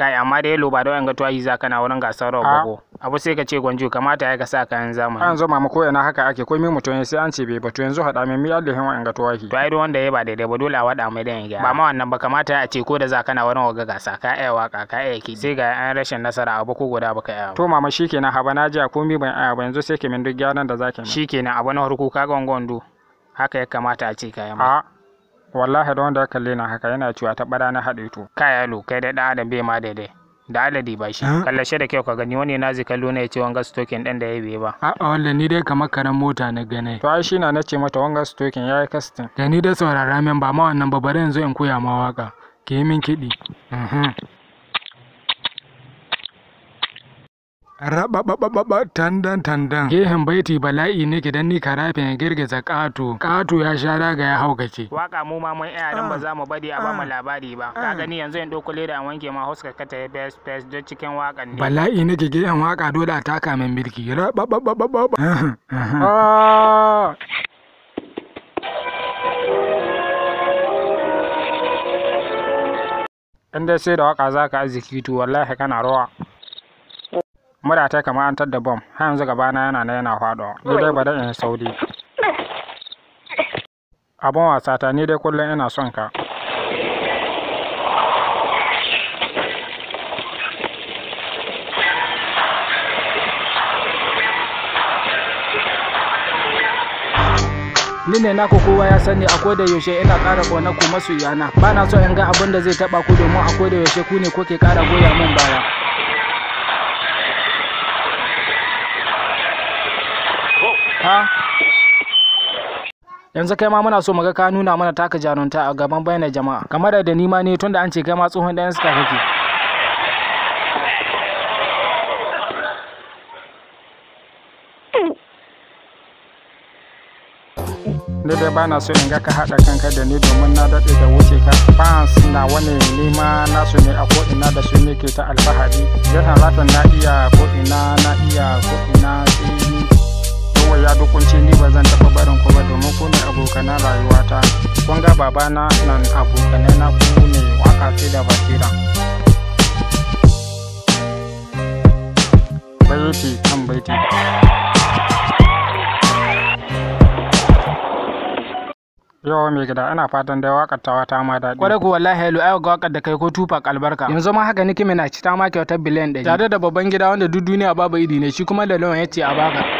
kai amma da ya ba da wayan tuwahi za kana wurin gasar rawa bago ah. abu sai ka ce gwanjo kamata ya ka sa kayan zamani yanzu mama ko ina haka ake komai mutum sai an ce bai batu yanzu hada mai miya lihin wayan ga tuwahi to ai wanda ya ba daidai ba dole a wada mai dan ya ba ma wannan ba kamata a ce ko da za na wurin waga gasa ka ai waka ka ai ki sai ga an rashin nasara abu ko guda baka ai to mama shikenan haba na ji a komai ban ai ba yanzu sai ke min duk gyaran da zaki shikenan abu na harko kaga wangon haka ya kamata a ce kayan ma ah. wallahi da wanda ya kalle na haka yana cewa ta bara na haɗe to kai yalo kai dai da adam bai ma daidai da aladi ba shi kallashe da kyau ka gani wani na kallo na ya ce wanga stoking ɗan da ya bai ba a wallahi ni dai kamar karen mota na gane to ai shi na na ce mata wanga stokin yayi kastin da ni da saurara min ba ma wannan ba bari yanzu in koya ma waka ke min kiɗi mhm. rababababa tandan tandan gehen baiti bala'i ne gidan ni karafin ya girgiza ƙato ƙato ya sha raga ya haukace waka mu ma mun iya ba za mu bari a ba mu labari ba ka gani yanzu in doko leda an wanke ma huskar ka ta best best don cikin wakan ne bala'i ne gehen waka dole a taka min birki rababababa in dai sai da waka ka arziki to wallahi kana rawa mura ta kamar an da bom har yanzu na yana na yana fado. ni dai ba in sauri Abon wasa ta ni dai kullum ina son ka ni ne naku kowa ya sani a koda yaushe ina ƙara kona ku masoyana ba na so in ga abin da zai taɓa ku domin a koda yaushe ku ne kuke ƙara goya min baya yanzu kai ma muna so mu ga ka nuna mana taka jarunta a gaban bayyana jama'a kamar da ni ma ne tunda an ce kai ma tsohon dan suka kake ne dai bana so in ga ka hada kanka da ni domin na daɗe da wuce ka fans na wani nema na su ne a ko ina da su ne ke ta alfahari yana rafin na iya ko'ina na iya ko'ina sai kawai ya dukunce ni ba zan taɓa barin ku ba domin ku ne abokanan rayuwata kun ga babana nan abokanai na ku ne waka ce da basira baiti kan baiti yawa mai gida ana fatan dai wakar ta wata ma daɗi kwarai kuwa wallahi yalu ayo ga wakar da kai ko tupac albarka yanzu ma haka niki na ci ta ma kyautar biliyan ɗari tare da babban gida wanda duk duniya babu iri ne shi kuma da lawan ya ce a baka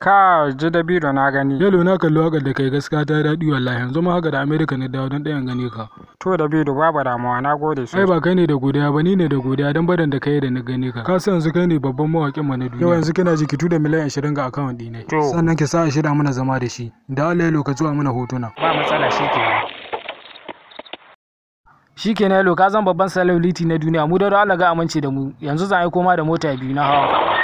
ka ji da biro na gani yalo na kalli wakar da kai gaskiya ta daɗi wallahi yanzu ma haka da amerika na dawo don ɗayan gani ka to da biro babu damuwa na gode sai ba kai ne da godiya ba ni ne da godiya don barin da kai da na gani ka ka san yanzu kai ne babban mawaƙin mu na duniya yau yanzu kina jikitu da miliyan ashirin ga akawun ɗi ne sannan ki sa a shirya mana zama da shi da Allah ya lokaci mana hotuna ba matsala shi kenan shi ke na yalo ka zan babban celebrity na duniya mu da Allah ga amince da mu yanzu zan aiko ma da mota biyu na hawa